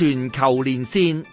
全球連線。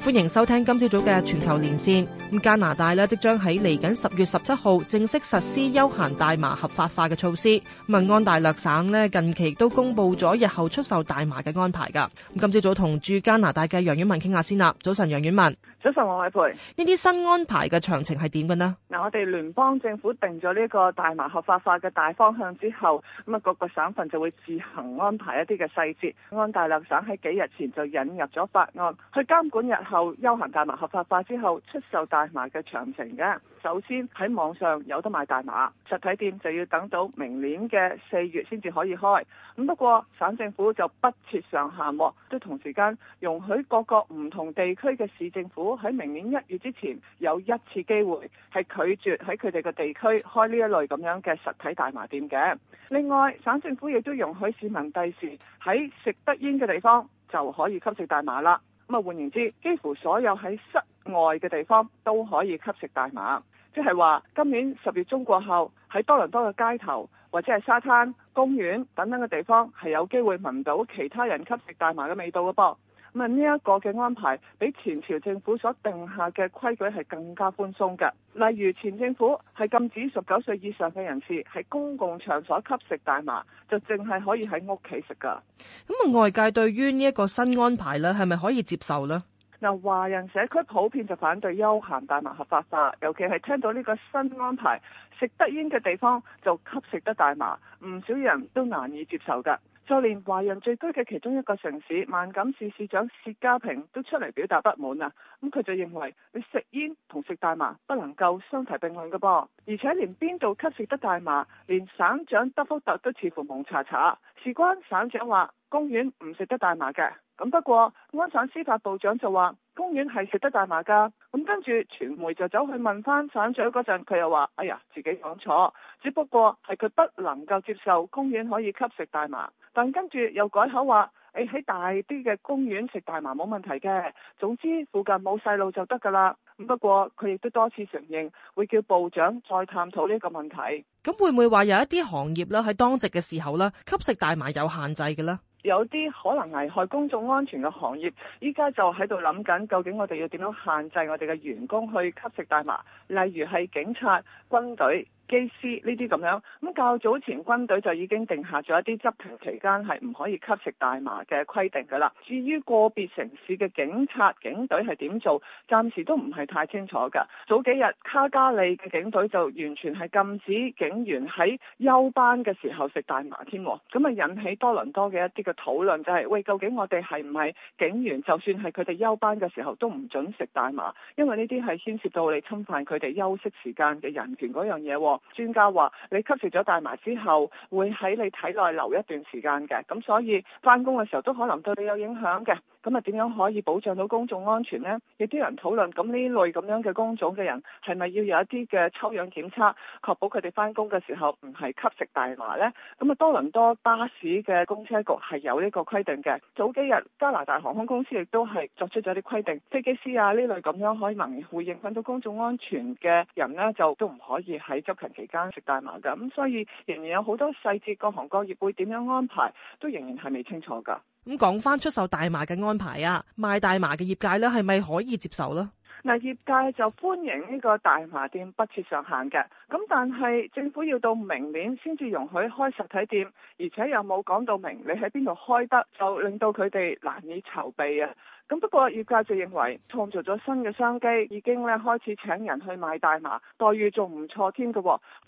歡迎收聽今朝早嘅全球連線。咁加拿大呢，即將喺嚟緊十月十七號正式實施休閒大麻合法化嘅措施。民安大略省呢，近期都公布咗日後出售大麻嘅安排噶。今朝早同駐加拿大嘅楊婉文傾下先啦。早晨，楊婉文，早晨，王慧蓓，呢啲新安排嘅詳情係點嘅呢？嗱，我哋聯邦政府定咗呢個大麻合法化嘅大方向之後，咁啊各個省份就會自行安排一啲嘅細節。安大略省喺幾日前就引入咗法案去監管日。後休閒大麻合法化之後，出售大麻嘅詳情。嘅，首先喺網上有得賣大麻，實體店就要等到明年嘅四月先至可以開。咁不過省政府就不設上限，都同時間容許各個唔同地區嘅市政府喺明年一月之前有一次機會係拒絕喺佢哋嘅地區開呢一類咁樣嘅實體大麻店嘅。另外，省政府亦都容許市民第時喺食得煙嘅地方就可以吸食大麻啦。咁啊，換言之，幾乎所有喺室外嘅地方都可以吸食大麻，即係話今年十月中過後，喺多倫多嘅街頭或者係沙灘、公園等等嘅地方，係有機會聞到其他人吸食大麻嘅味道嘅噃。咁呢一個嘅安排比前朝政府所定下嘅規矩係更加寬鬆嘅，例如前政府係禁止十九歲以上嘅人士喺公共場所吸食大麻，就淨係可以喺屋企食噶。咁啊外界對於呢一個新安排咧，係咪可以接受呢？嗱，華人社區普遍就反對休閒大麻合法化，尤其係聽到呢個新安排，食得煙嘅地方就吸食得大麻，唔少人都難以接受噶。就連華人聚居嘅其中一個城市萬錦市市長薛家平都出嚟表達不滿啦，咁佢就認為你食煙同食大麻不能夠相提並論嘅噃，而且連邊度吸食得大麻，連省長德福特都似乎蒙查查。事關省長話公園唔食得大麻嘅，咁不過安省司法部長就話公園係食得大麻噶，咁跟住傳媒就走去問翻省長嗰陣，佢又話哎呀自己講錯，只不過係佢不能夠接受公園可以吸食大麻，但跟住又改口話，誒、欸、喺大啲嘅公園食大麻冇問題嘅，總之附近冇細路就得噶啦。會不過佢亦都多次承認會叫部長再探討呢個問題。咁會唔會話有一啲行業咧喺當值嘅時候咧吸食大麻有限制嘅咧？有啲可能危害公眾安全嘅行業，依家就喺度諗緊究竟我哋要點樣限制我哋嘅員工去吸食大麻，例如係警察、軍隊。機師呢啲咁樣，咁、嗯、較早前軍隊就已經定下咗一啲執勤期間係唔可以吸食大麻嘅規定㗎啦。至於個別城市嘅警察警隊係點做，暫時都唔係太清楚㗎。早幾日卡加利嘅警隊就完全係禁止警員喺休班嘅時候食大麻添，咁啊，引起多倫多嘅一啲嘅討論，就係，就係喂，究竟我哋係唔係警員，就算係佢哋休班嘅時候都唔準食大麻，因為呢啲係牽涉到你侵犯佢哋休息時間嘅人權嗰樣嘢喎。啊專家話你吸食咗大麻之後，會喺你體內留一段時間嘅，咁所以翻工嘅時候都可能對你有影響嘅。咁啊點樣可以保障到公眾安全呢？有啲人討論，咁呢類咁樣嘅工種嘅人係咪要有一啲嘅抽樣檢測，確保佢哋翻工嘅時候唔係吸食大麻呢？咁啊多倫多巴士嘅公車局係有呢個規定嘅。早幾日加拿大航空公司亦都係作出咗啲規定，飛機師啊呢類咁樣可能會影響到公眾安全嘅人呢，就都唔可以喺執期間食大麻㗎，咁所以仍然有好多細節，各行各業會點樣安排都仍然係未清楚㗎。咁講返出售大麻嘅安排啊，賣大麻嘅業界咧係咪可以接受呢？嗱，業界就歡迎呢個大麻店不設上限嘅，咁但係政府要到明年先至容許開實體店，而且又冇講到明你喺邊度開得，就令到佢哋難以籌備啊。咁不過業界就認為創造咗新嘅商機，已經咧開始請人去賣大麻，待遇仲唔錯添嘅。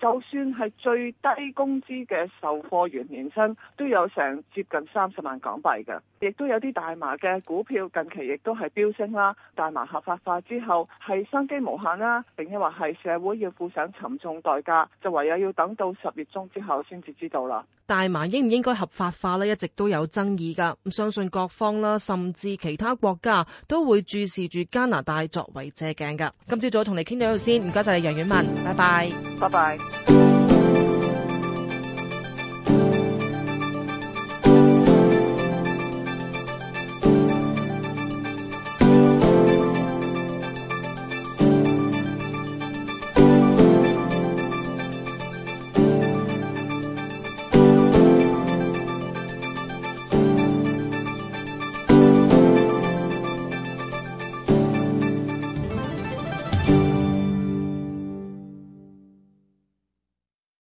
就算係最低工資嘅售貨員年薪都有成接近三十萬港幣嘅，亦都有啲大麻嘅股票近期亦都係飆升啦。大麻合法化之後係商機無限啦，定係話係社會要付上沉重代價，就唯有要等到十月中之後先至知道啦。大麻應唔應該合法化咧，一直都有爭議噶。咁相信各方啦，甚至其他國家都會注視住加拿大作為借鏡噶。今朝早同你傾到呢度先，唔該晒你楊婉文，拜拜，拜拜。